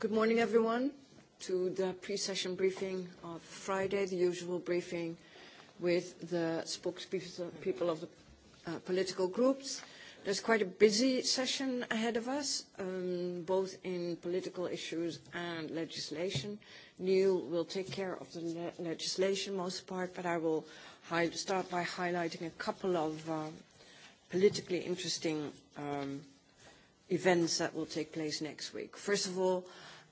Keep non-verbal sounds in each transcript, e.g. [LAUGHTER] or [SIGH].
Good morning, everyone, to the pre-session briefing of Friday, the usual briefing with the spokespeople of the uh, political groups. There's quite a busy session ahead of us, um, both in political issues and legislation. Neil will take care of the le legislation most part, but I will start by highlighting a couple of um, politically interesting um, events that will take place next week. First of all,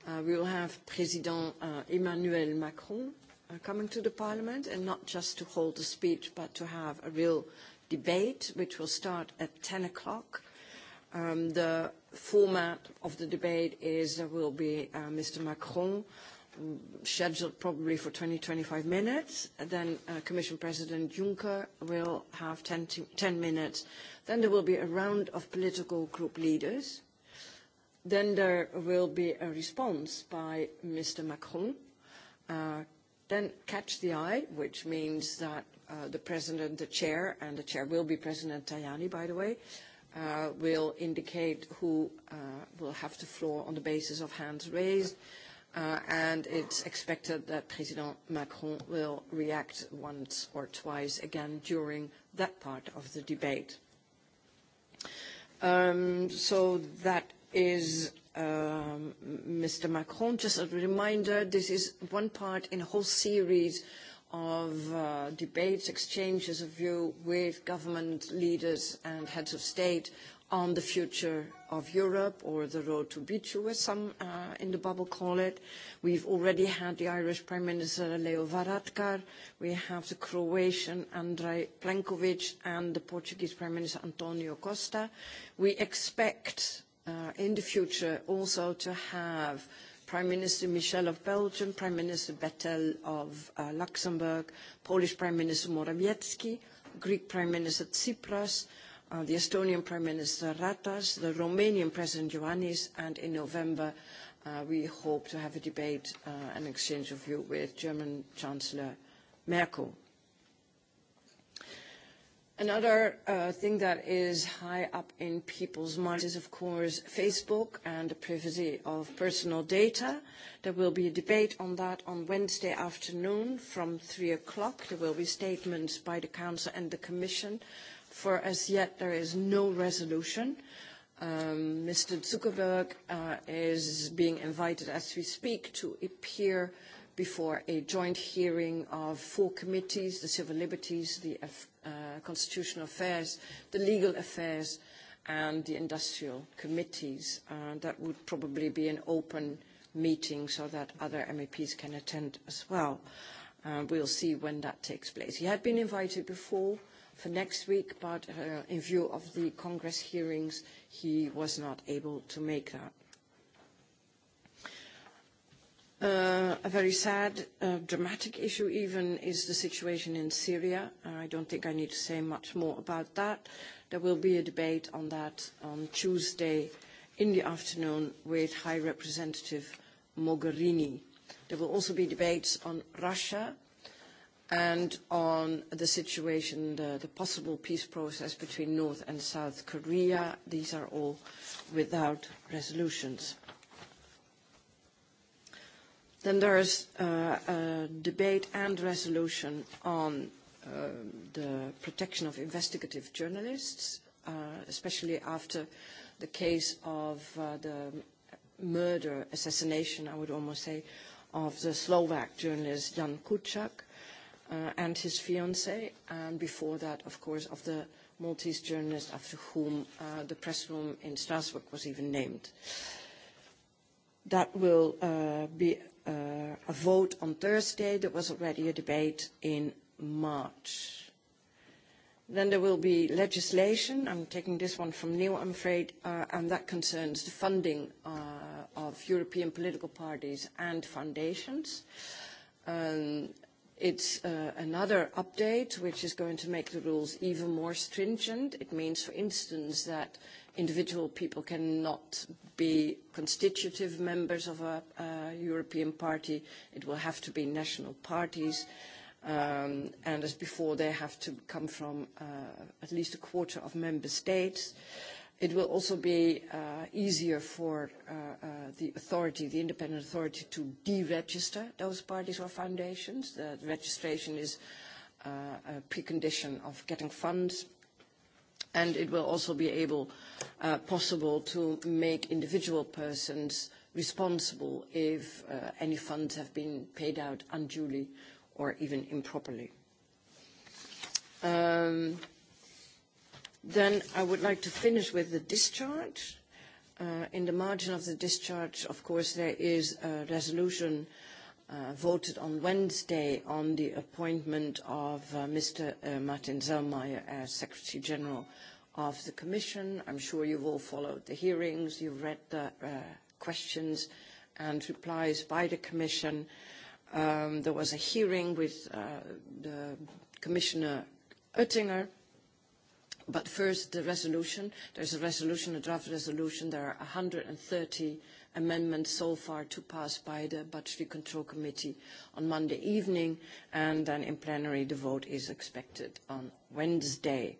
Uh, we will have President uh, Emmanuel Macron uh, coming to the Parliament, and not just to hold a speech, but to have a real debate, which will start at 10 o'clock. Um, the format of the debate is there will be uh, Mr. Macron um, scheduled probably for 20-25 minutes. And then uh, Commission President Juncker will have 10, 10 minutes. Then there will be a round of political group leaders Then there will be a response by Mr. Macron. Uh, then catch the eye, which means that uh, the president, the chair, and the chair will be President Tajani, by the way, uh, will indicate who uh, will have the floor on the basis of hands raised. Uh, and it's expected that President Macron will react once or twice again during that part of the debate. Um, so that is um, Mr. Macron. Just a reminder, this is one part in a whole series of uh, debates, exchanges of view with government leaders and heads of state on the future of Europe or the road to Bichu, as some uh, in the bubble call it. We've already had the Irish Prime Minister Leo Varadkar. We have the Croatian Andrej Plenković and the Portuguese Prime Minister Antonio Costa. We expect uh, in the future also to have Prime Minister Michel of Belgium, Prime Minister Bettel of uh, Luxembourg, Polish Prime Minister Morawiecki, Greek Prime Minister Tsipras, uh, the Estonian Prime Minister Ratas, the Romanian President Ioannis, and in November uh, we hope to have a debate uh, and exchange of view with German Chancellor Merkel. Another uh, thing that is high up in people's minds is, of course, Facebook and the privacy of personal data. There will be a debate on that on Wednesday afternoon from 3 o'clock. There will be statements by the Council and the Commission. For as yet, there is no resolution. Um, Mr. Zuckerberg uh, is being invited as we speak to appear before a joint hearing of four committees, the Civil Liberties, the F uh, uh, constitutional affairs, the legal affairs, and the industrial committees. Uh, that would probably be an open meeting so that other MEPs can attend as well. Uh, we'll see when that takes place. He had been invited before for next week, but uh, in view of the Congress hearings, he was not able to make that. Uh, a very sad, uh, dramatic issue even is the situation in Syria. Uh, I don't think I need to say much more about that. There will be a debate on that on Tuesday in the afternoon with High Representative Mogherini. There will also be debates on Russia and on the situation, the, the possible peace process between North and South Korea. These are all without resolutions. Then there is uh, a debate and resolution on uh, the protection of investigative journalists, uh, especially after the case of uh, the murder, assassination, I would almost say, of the Slovak journalist Jan Kuczak uh, and his fiancée, and before that, of course, of the Maltese journalist after whom uh, the press room in Strasbourg was even named. That will uh, be uh, a vote on Thursday. There was already a debate in March. Then there will be legislation. I'm taking this one from Neil, I'm afraid, uh, and that concerns the funding uh, of European political parties and foundations. Um, It's uh, another update which is going to make the rules even more stringent. It means, for instance, that individual people cannot be constitutive members of a, a European party. It will have to be national parties. Um, and as before, they have to come from uh, at least a quarter of member states. It will also be uh, easier for uh, uh, the authority, the independent authority, to deregister those parties or foundations. The registration is uh, a precondition of getting funds and it will also be able, uh, possible to make individual persons responsible if uh, any funds have been paid out unduly or even improperly. Um, then I would like to finish with the discharge. Uh, in the margin of the discharge, of course, there is a resolution uh, voted on Wednesday on the appointment of uh, Mr. Uh, Martin Zellmeyer as Secretary General of the Commission. I'm sure you've all followed the hearings, you've read the uh, questions and replies by the Commission. Um, there was a hearing with uh, the Commissioner Oettinger, but first the resolution. There's a resolution, a draft resolution. There are 130 amendments so far to pass by the Budgetary Control Committee on Monday evening, and then in plenary the vote is expected on Wednesday.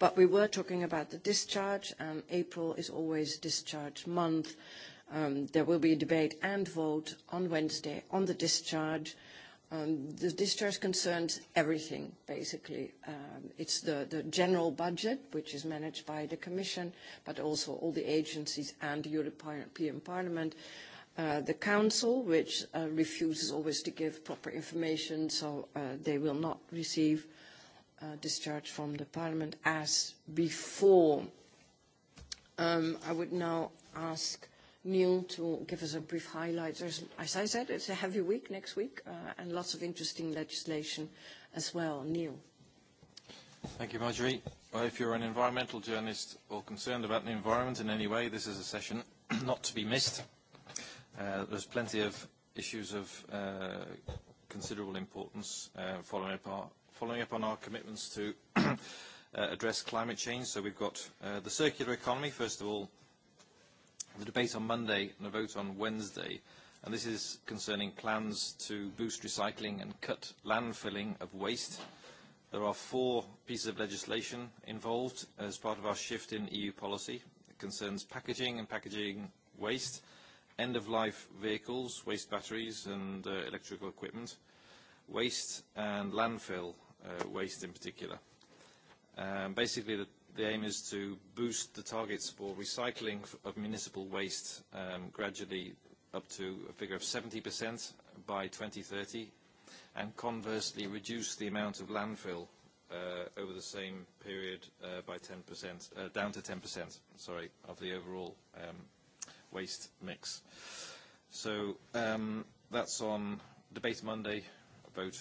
But we were talking about the discharge, and April is always discharge month. Um, there will be a debate and vote on Wednesday on the discharge Um, the discharge concerns everything, basically. Um, it's the, the general budget, which is managed by the Commission, but also all the agencies and the European Parliament. Uh, the Council, which uh, refuses always to give proper information, so uh, they will not receive uh, discharge from the Parliament as before. Um, I would now ask Neil to give us a brief highlight. There's, as I said, it's a heavy week next week uh, and lots of interesting legislation as well. Neil. Thank you, Marjorie. Well, if you're an environmental journalist or concerned about the environment in any way, this is a session [CLEARS THROAT] not to be missed. Uh, there's plenty of issues of uh, considerable importance uh, following, up our, following up on our commitments to [CLEARS THROAT] uh, address climate change. So we've got uh, the circular economy, first of all, the debate on Monday and a vote on Wednesday, and this is concerning plans to boost recycling and cut landfilling of waste. There are four pieces of legislation involved as part of our shift in EU policy. It concerns packaging and packaging waste, end-of-life vehicles, waste batteries and uh, electrical equipment, waste and landfill uh, waste in particular. Um, basically, the The aim is to boost the targets for recycling of municipal waste um, gradually up to a figure of 70% by 2030 and conversely reduce the amount of landfill uh, over the same period uh, by 10%, uh, down to 10%, sorry, of the overall um, waste mix. So um, that's on debate Monday, vote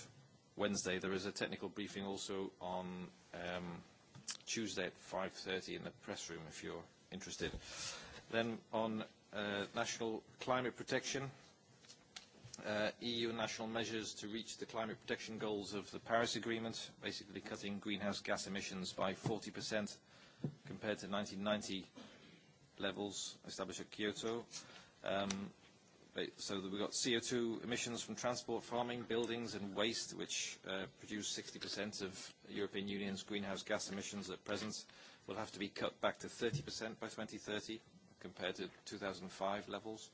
Wednesday. There is a technical briefing also on um, Tuesday at 5.30 in the press room if you're interested. Then on uh, national climate protection, uh, EU national measures to reach the climate protection goals of the Paris Agreement, basically cutting greenhouse gas emissions by 40% compared to 1990 levels established at Kyoto. Um, So that we've got CO2 emissions from transport, farming, buildings and waste, which uh, produce 60% of the European Union's greenhouse gas emissions at present, will have to be cut back to 30% by 2030 compared to 2005 levels.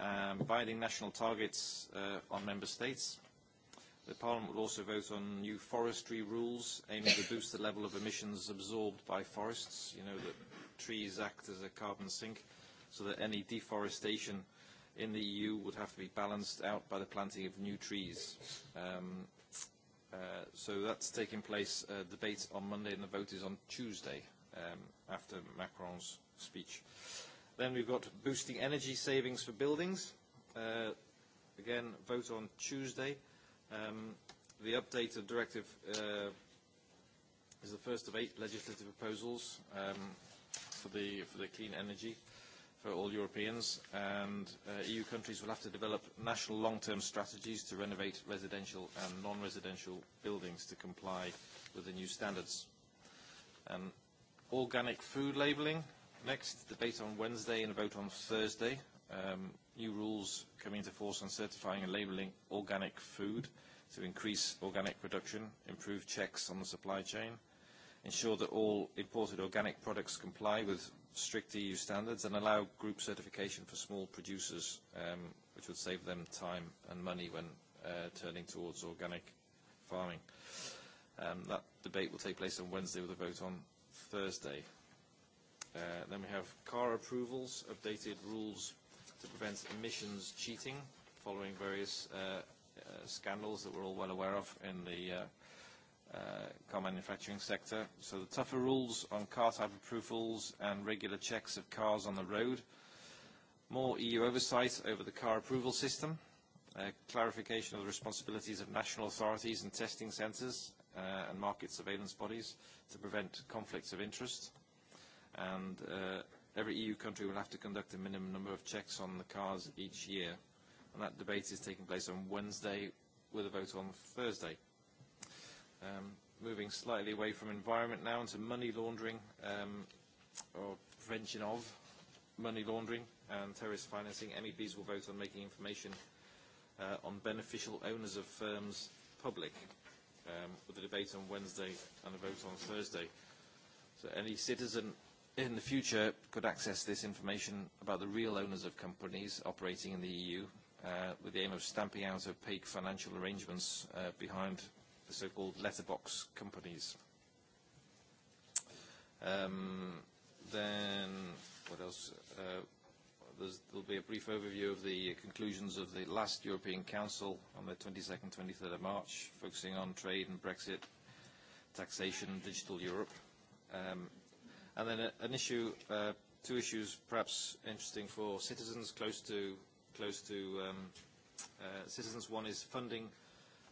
Um, binding national targets uh, on member states. The Parliament will also vote on new forestry rules aiming to boost the level of emissions absorbed by forests. You know that trees act as a carbon sink, so that any deforestation – in the EU would have to be balanced out by the planting of new trees. Um, uh, so that's taking place, uh, debate on Monday and the vote is on Tuesday um, after Macron's speech. Then we've got boosting energy savings for buildings. Uh, again, vote on Tuesday. Um, the update of directive uh, is the first of eight legislative proposals um, for, the, for the clean energy for all Europeans, and uh, EU countries will have to develop national long-term strategies to renovate residential and non-residential buildings to comply with the new standards. Um, organic food labelling, next, debate on Wednesday and a vote on Thursday. Um, new rules coming into force on certifying and labelling organic food to increase organic production, improve checks on the supply chain, ensure that all imported organic products comply with strict EU standards and allow group certification for small producers, um, which would save them time and money when uh, turning towards organic farming. Um, that debate will take place on Wednesday with a vote on Thursday. Uh, then we have car approvals, updated rules to prevent emissions cheating following various uh, uh, scandals that we're all well aware of in the uh, uh, car manufacturing sector. So the tougher rules on car type approvals and regular checks of cars on the road. More EU oversight over the car approval system. Uh, clarification of the responsibilities of national authorities and testing centres uh, and market surveillance bodies to prevent conflicts of interest. And uh, every EU country will have to conduct a minimum number of checks on the cars each year. And that debate is taking place on Wednesday with a vote on Thursday. Um, moving slightly away from environment now into money laundering um, or prevention of money laundering and terrorist financing. MEPs will vote on making information uh, on beneficial owners of firms public um, with a debate on Wednesday and a vote on Thursday. So any citizen in the future could access this information about the real owners of companies operating in the EU uh, with the aim of stamping out opaque financial arrangements uh, behind the so-called letterbox companies. Um, then, what else? Uh, there's, there'll be a brief overview of the conclusions of the last European Council on the 22nd, 23rd of March, focusing on trade and Brexit, taxation, digital Europe. Um, and then a, an issue, uh, two issues perhaps interesting for citizens close to, close to um, uh, citizens. One is funding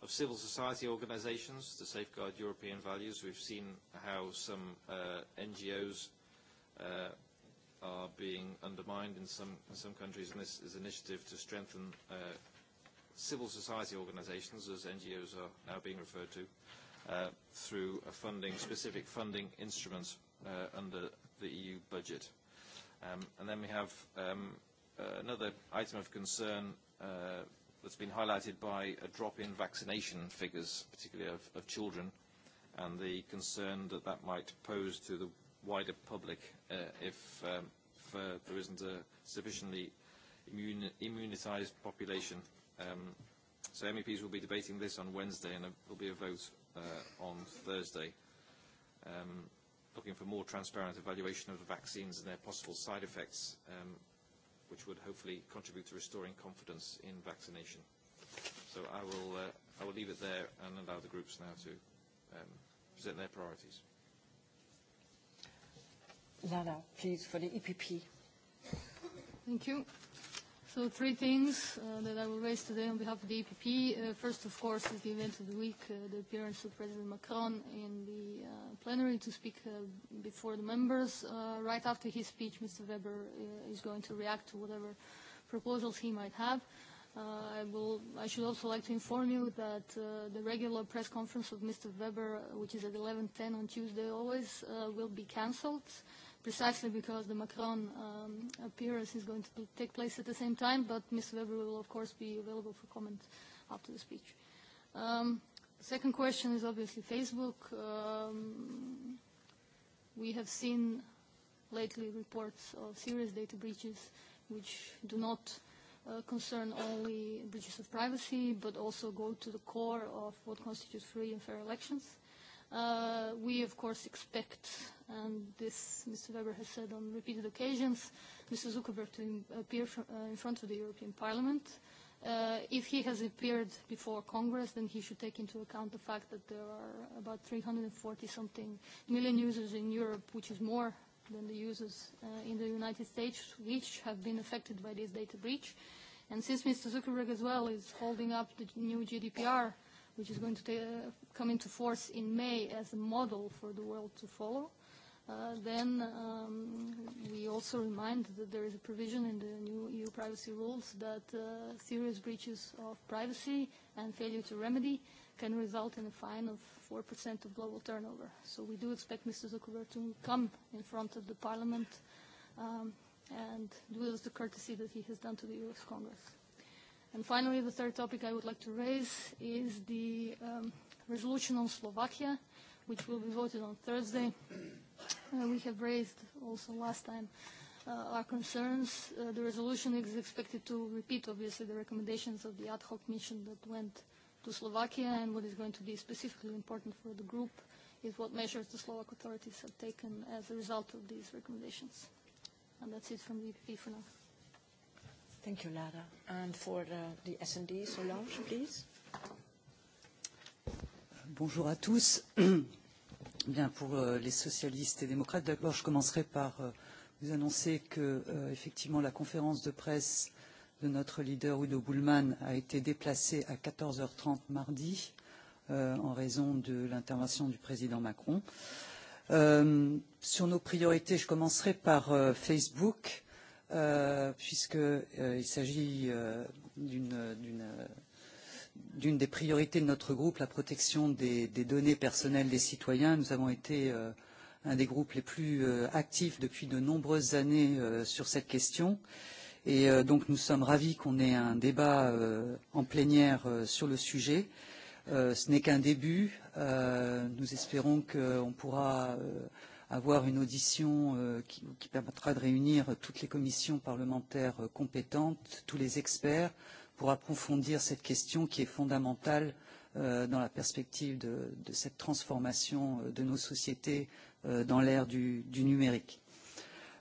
of civil society organisations to safeguard European values. We've seen how some uh, NGOs uh, are being undermined in some, in some countries, and this is an initiative to strengthen uh, civil society organisations, as NGOs are now being referred to, uh, through a funding, specific funding instruments uh, under the EU budget. Um, and then we have um, uh, another item of concern uh, that's been highlighted by a drop in vaccination figures, particularly of, of children, and the concern that that might pose to the wider public uh, if, um, if uh, there isn't a sufficiently immune, immunized population. Um, so MEPs will be debating this on Wednesday and there will be a vote uh, on Thursday. Um, looking for more transparent evaluation of the vaccines and their possible side effects um, which would hopefully contribute to restoring confidence in vaccination. So I will, uh, I will leave it there and allow the groups now to um, present their priorities. Lana, please, for the EPP. Thank you. So three things uh, that I will raise today on behalf of the EPP. Uh, first, of course, is the event of the week, uh, the appearance of President Macron in the uh, plenary to speak uh, before the members. Uh, right after his speech, Mr. Weber uh, is going to react to whatever proposals he might have. Uh, I, will, I should also like to inform you that uh, the regular press conference of Mr. Weber, uh, which is at 11.10 on Tuesday always, uh, will be cancelled. Uh, precisely because the Macron um, appearance is going to take place at the same time, but Ms. Weber will, of course, be available for comment after the speech. Um, second question is obviously Facebook. Um, we have seen lately reports of serious data breaches which do not uh, concern only breaches of privacy, but also go to the core of what constitutes free and fair elections. Uh, we, of course, expect and this Mr. Weber has said on repeated occasions, Mr. Zuckerberg to appear fr uh, in front of the European Parliament. Uh, if he has appeared before Congress, then he should take into account the fact that there are about 340-something million users in Europe, which is more than the users uh, in the United States, which have been affected by this data breach. And since Mr. Zuckerberg as well is holding up the new GDPR, which is going to take, uh, come into force in May as a model for the world to follow. Uh, then um, we also remind that there is a provision in the new EU privacy rules that uh, serious breaches of privacy and failure to remedy can result in a fine of 4% of global turnover. So we do expect Mr. Zuckerberg to come in front of the Parliament um, and do us the courtesy that he has done to the U.S. Congress. And finally, the third topic I would like to raise is the um, resolution on Slovakia, which will be voted on Thursday. Uh, we have raised also last time uh, our concerns. Uh, the resolution is expected to repeat, obviously, the recommendations of the ad hoc mission that went to Slovakia, and what is going to be specifically important for the group is what measures the Slovak authorities have taken as a result of these recommendations. And that's it from the EPP for now. Thank you, Lara. And for uh, the S&D, Solange, please. Bonjour à tous. [CLEARS THROAT] Bien, pour euh, les socialistes et démocrates, d'abord, je commencerai par euh, vous annoncer que, euh, effectivement, la conférence de presse de notre leader Udo Bullman a été déplacée à 14h30 mardi euh, en raison de l'intervention du président Macron. Euh, sur nos priorités, je commencerai par euh, Facebook euh, puisqu'il euh, s'agit euh, euh, d'une des priorités de notre groupe, la protection des, des données personnelles des citoyens. Nous avons été euh, un des groupes les plus euh, actifs depuis de nombreuses années euh, sur cette question. Et euh, donc nous sommes ravis qu'on ait un débat euh, en plénière euh, sur le sujet. Euh, ce n'est qu'un début. Euh, nous espérons qu'on pourra euh, avoir une audition euh, qui, qui permettra de réunir toutes les commissions parlementaires euh, compétentes, tous les experts, pour approfondir cette question qui est fondamentale euh, dans la perspective de, de cette transformation euh, de nos sociétés euh, dans l'ère du, du numérique.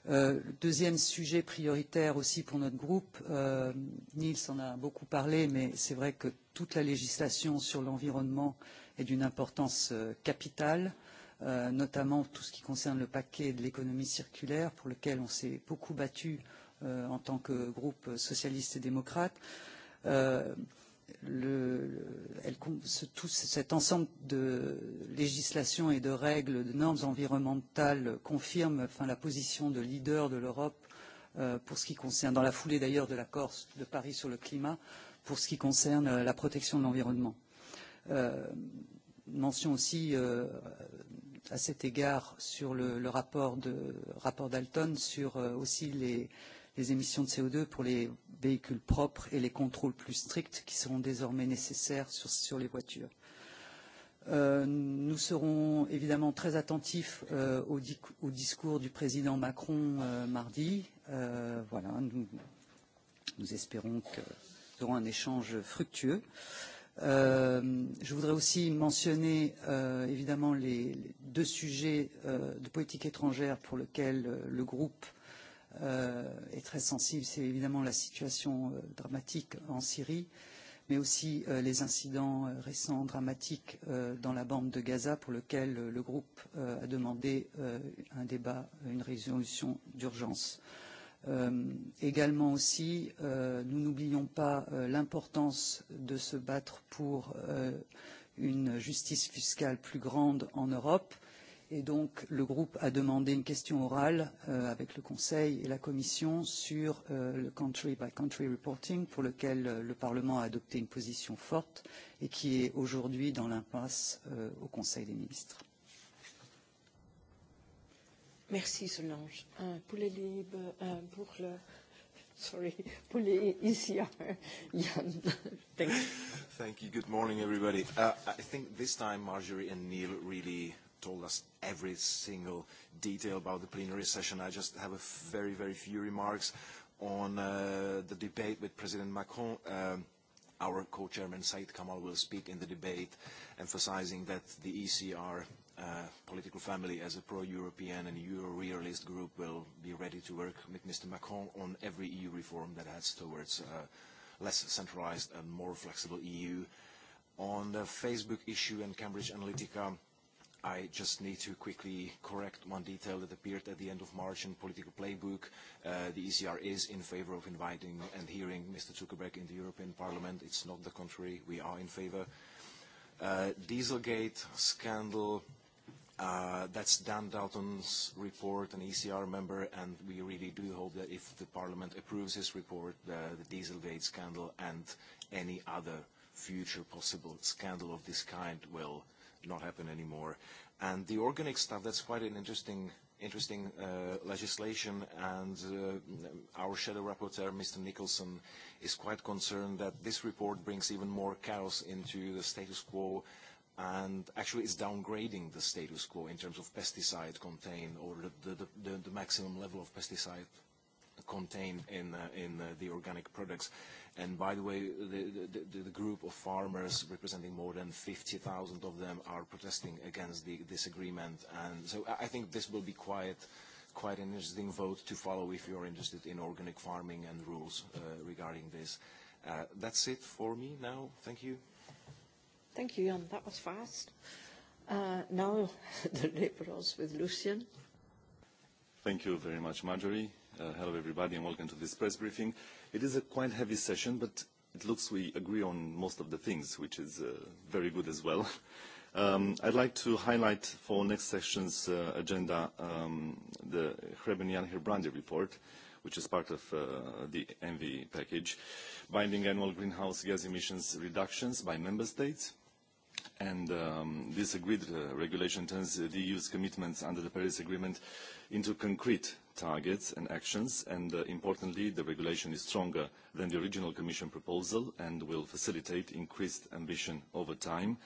Euh, deuxième sujet prioritaire aussi pour notre groupe, euh, Niels en a beaucoup parlé, mais c'est vrai que toute la législation sur l'environnement est d'une importance euh, capitale. Euh, euh, notamment tout ce qui concerne le paquet de l'économie circulaire, pour lequel on s'est beaucoup battu euh, en tant que groupe socialiste et démocrate. Euh, le, elle, ce, tout cet ensemble de législations et de règles, de normes environnementales confirme enfin, la position de leader de l'Europe euh, pour ce qui concerne, dans la foulée d'ailleurs de l'accord de Paris sur le climat, pour ce qui concerne euh, la protection de l'environnement. Euh, mention aussi euh, à cet égard sur le, le rapport, de, rapport d'Alton sur euh, aussi les, les émissions de CO2 pour les véhicules propres et les contrôles plus stricts qui seront désormais nécessaires sur, sur les voitures. Euh, nous serons évidemment très attentifs euh, au, au discours du président Macron euh, mardi. Euh, voilà, nous, nous espérons que nous aurons un échange fructueux. Euh, Euh, je voudrais aussi mentionner euh, évidemment les, les deux sujets euh, de politique étrangère pour lesquels euh, le groupe euh, est très sensible. C'est évidemment la situation euh, dramatique en Syrie, mais aussi euh, les incidents euh, récents dramatiques euh, dans la bande de Gaza pour lequel euh, le groupe euh, a demandé euh, un débat, une résolution d'urgence. Euh, Euh, également aussi, euh, nous n'oublions pas euh, l'importance de se battre pour euh, une justice fiscale plus grande en Europe. Et donc, le groupe a demandé une question orale euh, avec le Conseil et la Commission sur euh, le country-by-country reporting, pour lequel euh, le Parlement a adopté une position forte et qui est aujourd'hui dans l'impasse euh, au Conseil des ministres. Merci Solange. Euh, pour les libres, euh, pour le... Sorry, pour les ECR. Thank you. Thank you. Good morning, everybody. Uh, I think this time Marjorie and Neil really told us every single detail about the plenary session. I just have a very, very few remarks on uh, the debate with President Macron. Um, our co-chairman Said Kamal will speak in the debate, emphasizing that the ECR uh, political family as a pro-European and Euro-realist group will be ready to work with Mr. Macron on every EU reform that heads towards a uh, less centralized and more flexible EU. On the Facebook issue and Cambridge Analytica, I just need to quickly correct one detail that appeared at the end of March in Political Playbook. Uh, the ECR is in favor of inviting and hearing Mr. Zuckerberg in the European Parliament. It's not the contrary. We are in favor. Uh, Dieselgate scandal, Uh, that's Dan Dalton's report, an ECR member, and we really do hope that if the Parliament approves his report, uh, the Dieselgate scandal and any other future possible scandal of this kind will not happen anymore. And the organic stuff, that's quite an interesting interesting uh, legislation and uh, our shadow rapporteur, Mr. Nicholson, is quite concerned that this report brings even more chaos into the status quo uh, and actually is downgrading the status quo in terms of pesticide contain or the, the, the, the maximum level of pesticide contained in, uh, in uh, the organic products. And by the way, the, the, the group of farmers representing more than 50,000 of them are protesting against the, this agreement. And so I think this will be quite, quite an interesting vote to follow if you're interested in organic farming and rules uh, regarding this. Uh, that's it for me now. Thank you. Thank you, Jan. That was fast. Uh, now [LAUGHS] the liberals with Lucien. Thank you very much, Marjorie. Uh, hello, everybody, and welcome to this press briefing. It is a quite heavy session, but it looks we agree on most of the things, which is uh, very good as well. [LAUGHS] Um, I'd like to highlight for next session's uh, agenda um, the Jan Herbrandi report, which is part of uh, the ENVI package, binding annual greenhouse gas emissions reductions by member states, and um, this agreed uh, regulation turns the EU's commitments under the Paris Agreement into concrete targets and actions, and uh, importantly, the regulation is stronger than the original Commission proposal and will facilitate increased ambition over time.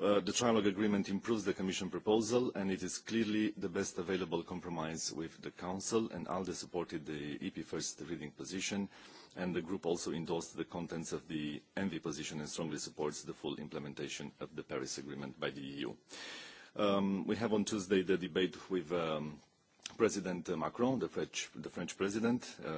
Uh, the trilogue agreement improves the Commission proposal and it is clearly the best available compromise with the Council and ALDE supported the EP first reading position and the group also endorsed the contents of the ENVI position and strongly supports the full implementation of the Paris Agreement by the EU. Um, we have on Tuesday the debate with um, President Macron, the French, the French president, uh,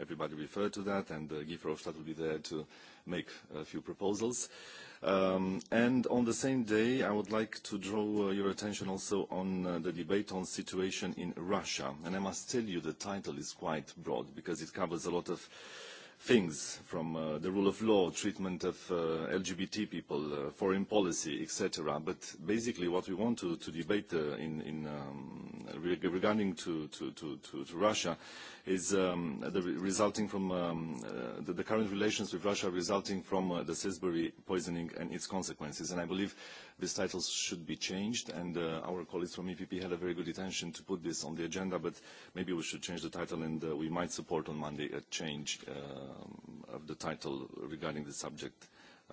everybody referred to that, and uh, Guy Verhofstadt will be there to make a few proposals. Uh, Um, and on the same day, I would like to draw uh, your attention also on uh, the debate on situation in Russia. And I must tell you the title is quite broad because it covers a lot of things from uh, the rule of law, treatment of uh, LGBT people, uh, foreign policy, etc. But basically what we want to, to debate uh, in, in, um, regarding to, to, to, to, to Russia is um, the re resulting from um, uh, the, the current relations with Russia resulting from uh, the Sisbury poisoning and its consequences. And I believe these titles should be changed, and uh, our colleagues from EPP had a very good intention to put this on the agenda, but maybe we should change the title, and uh, we might support on Monday a change uh, of the title regarding the subject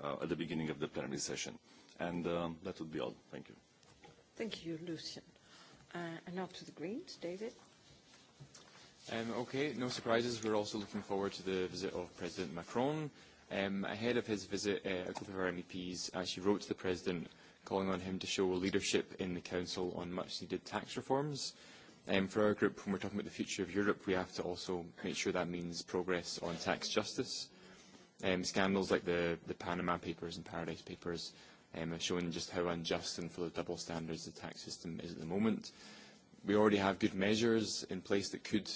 uh, at the beginning of the plenary session. And um, that would be all. Thank you. Thank you, Lucian. Uh, and now to the Greens, David. Um, okay, no surprises. We're also looking forward to the visit of President Macron. Um, ahead of his visit, uh, a group of our MEPs actually wrote to the President calling on him to show leadership in the Council on much-needed tax reforms. Um, for our group, when we're talking about the future of Europe, we have to also make sure that means progress on tax justice. Um, scandals like the, the Panama Papers and Paradise Papers um, have shown just how unjust and full of double standards the tax system is at the moment. We already have good measures in place that could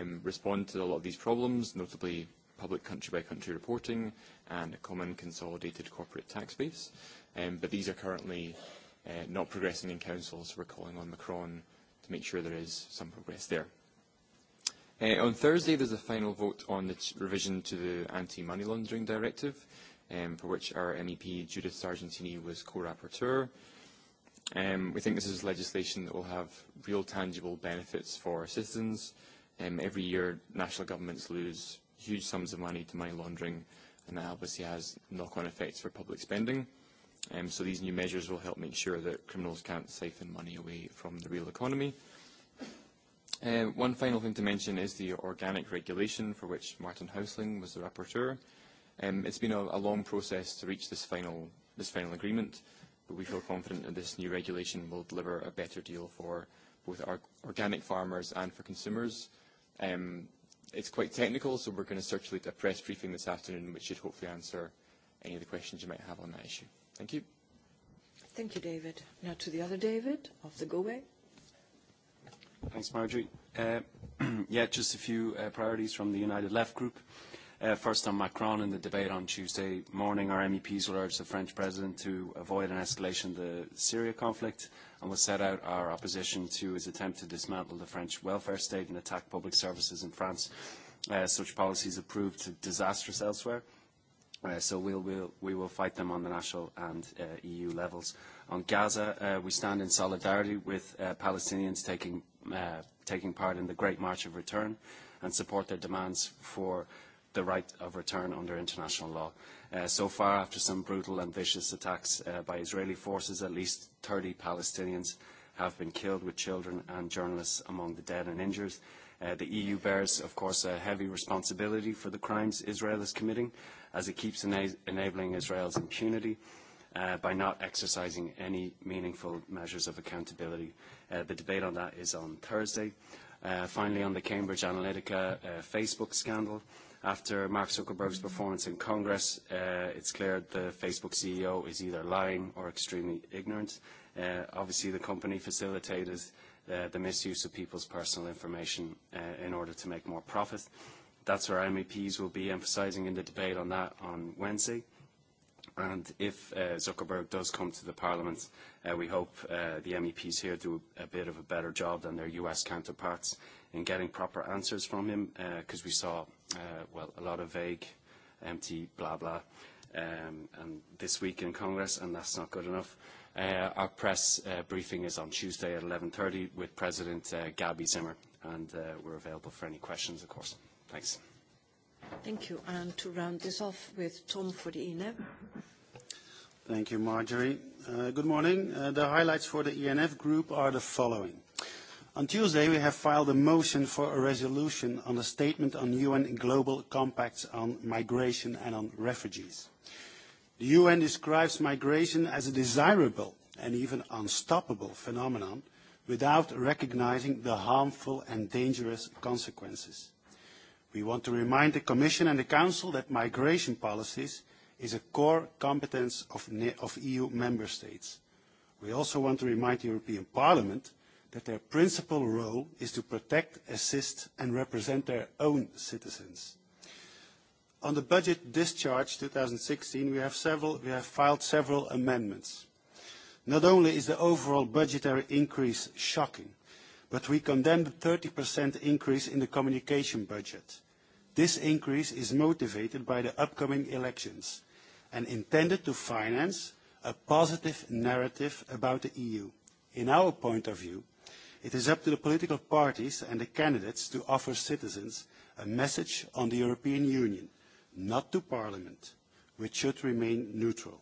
um, respond to a lot of these problems, notably public country-by-country -country reporting and a common consolidated corporate tax base. Um, but these are currently uh, not progressing in Council, so we're calling on Macron to make sure there is some progress there. Uh, on Thursday, there's a final vote on the revision to the Anti-Money Laundering Directive, um, for which our MEP Judith Sargentini was co-rapporteur. Um, we think this is legislation that will have real tangible benefits for citizens, Um, every year, national governments lose huge sums of money to money laundering, and that obviously has knock-on effects for public spending. Um, so these new measures will help make sure that criminals can't siphon money away from the real economy. Uh, one final thing to mention is the organic regulation for which Martin Hausling was the rapporteur. Um, it's been a, a long process to reach this final, this final agreement, but we feel confident that this new regulation will deliver a better deal for both our organic farmers and for consumers Um, it's quite technical, so we're going to circulate a press briefing this afternoon, which should hopefully answer any of the questions you might have on that issue. Thank you. Thank you, David. Now to the other David of the Go Way. Thanks, Marjorie. Uh, [CLEARS THROAT] yeah, just a few uh, priorities from the United Left Group. Uh, Uh, first on Macron in the debate on Tuesday morning, our MEPs will urge the French president to avoid an escalation of the Syria conflict and will set out our opposition to his attempt to dismantle the French welfare state and attack public services in France. Uh, such policies have proved disastrous elsewhere. Uh, so we'll, we'll, we will fight them on the national and uh, EU levels. On Gaza, uh, we stand in solidarity with uh, Palestinians taking, uh, taking part in the Great March of Return and support their demands for uh, the right of return under international law. Uh, so far, after some brutal and vicious attacks uh, by Israeli forces, at least 30 Palestinians have been killed with children and journalists among the dead and injured. Uh, the EU bears, of course, a heavy responsibility for the crimes Israel is committing, as it keeps ena enabling Israel's impunity uh, by not exercising any meaningful measures of accountability. Uh, the debate on that is on Thursday. Uh, finally, on the Cambridge Analytica uh, Facebook scandal, uh, After Mark Zuckerberg's performance in Congress, uh, it's clear the Facebook CEO is either lying or extremely ignorant. Uh, obviously, the company facilitated uh, the misuse of people's personal information uh, in order to make more profit. That's where MEPs will be emphasising in the debate on that on Wednesday. And if uh, Zuckerberg does come to the Parliament, uh, we hope uh, the MEPs here do a bit of a better job than their US counterparts in getting proper answers from him, because uh, we saw uh, well, a lot of vague, empty blah blah, um, and this week in Congress, and that's not good enough. Uh, our press uh, briefing is on Tuesday at 11.30 with President uh, Gabby Zimmer, and uh, we're available for any questions, of course. Thanks. Thank you. And to round this off with Tom Fodine. Thank you, Marjorie. Uh, good morning. Uh, the highlights for the ENF group are the following. On Tuesday, we have filed a motion for a resolution on a statement on UN global compacts on migration and on refugees. The UN describes migration as a desirable and even unstoppable phenomenon without recognizing the harmful and dangerous consequences. We want to remind the Commission and the Council that migration policies is a core competence of, of EU member states. We also want to remind the European Parliament that their principal role is to protect, assist and represent their own citizens. On the budget discharge 2016, we have, several, we have filed several amendments. Not only is the overall budgetary increase shocking, but we condemn the 30% increase in the communication budget. This increase is motivated by the upcoming elections and intended to finance a positive narrative about the EU. In our point of view, It is up to the political parties and the candidates to offer citizens a message on the European Union, not to Parliament, which should remain neutral.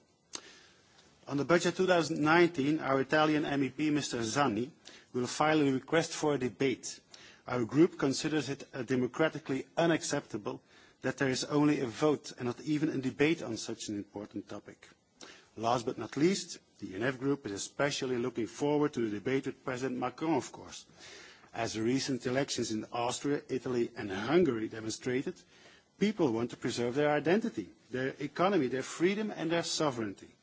On the budget 2019, our Italian MEP, Mr. Zanni, will file a request for a debate. Our group considers it democratically unacceptable that there is only a vote and not even a debate on such an important topic. Last but not least, The ENF group is especially looking forward to the debate with President Macron, of course. As the recent elections in Austria, Italy and Hungary demonstrated, people want to preserve their identity, their economy, their freedom and their sovereignty.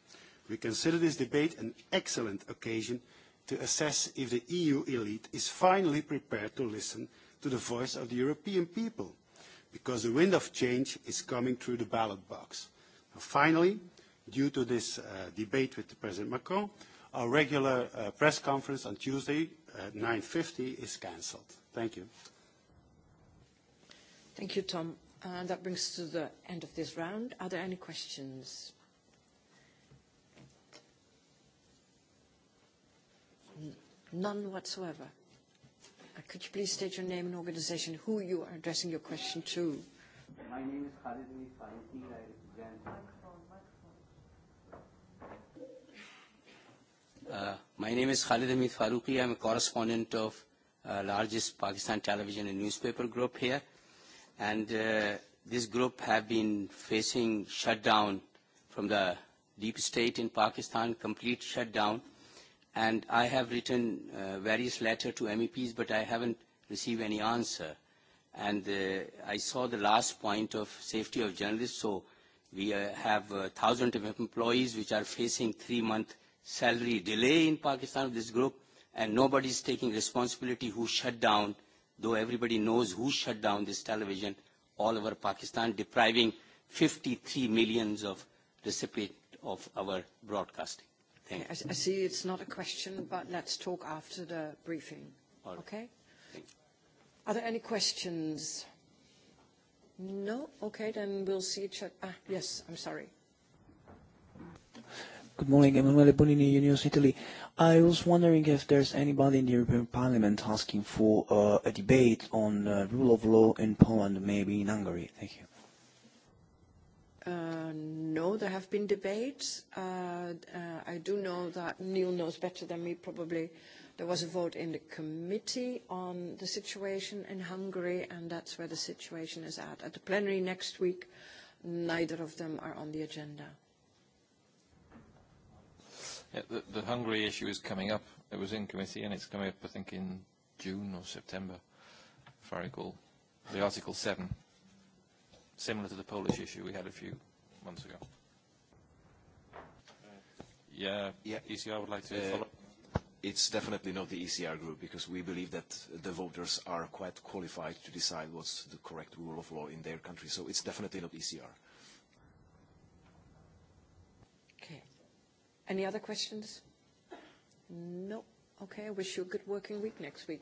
We consider this debate an excellent occasion to assess if the EU elite is finally prepared to listen to the voice of the European people, because the wind of change is coming through the ballot box. finally, due to this uh, debate with President Macron, our regular uh, press conference on Tuesday at uh, 9.50 is cancelled. Thank you. Thank you, Tom. Uh, that brings to the end of this round. Are there any questions? N none whatsoever. Uh, could you please state your name and organization, who you are addressing your question to? My name is Khalid Nifanti. I represent Uh, my name is Khalid Hamid Faruqi. I'm a correspondent of uh, largest Pakistan television and newspaper group here. And uh, this group have been facing shutdown from the deep state in Pakistan, complete shutdown. And I have written uh, various letters to MEPs, but I haven't received any answer. And uh, I saw the last point of safety of journalists, so we uh, have uh, thousands of employees which are facing three-month salary delay in Pakistan of this group, and nobody is taking responsibility who shut down, though everybody knows who shut down this television all over Pakistan, depriving 53 millions of recipient of our broadcasting. Thank you. I, I see it's not a question, but let's talk after the briefing. All right. Okay? Are there any questions? No? Okay, then we'll see each other. Ah, yes, I'm sorry. Good morning, Emanuele Bonini, Union's Italy. I was wondering if there's anybody in the European Parliament asking for uh, a debate on uh, rule of law in Poland, maybe in Hungary. Thank you. Uh, no, there have been debates. Uh, uh, I do know that Neil knows better than me probably. There was a vote in the committee on the situation in Hungary, and that's where the situation is at. At the plenary next week, neither of them are on the agenda. Yeah, the, the Hungary issue is coming up. It was in committee and it's coming up, I think, in June or September, if I recall. The Article 7, similar to the Polish issue we had a few months ago. Yeah, yeah. ECR would like to uh, follow it's definitely not the ECR group because we believe that the voters are quite qualified to decide what's the correct rule of law in their country. So it's definitely not ECR. Any other questions? No. Okay, I wish you a good working week next week.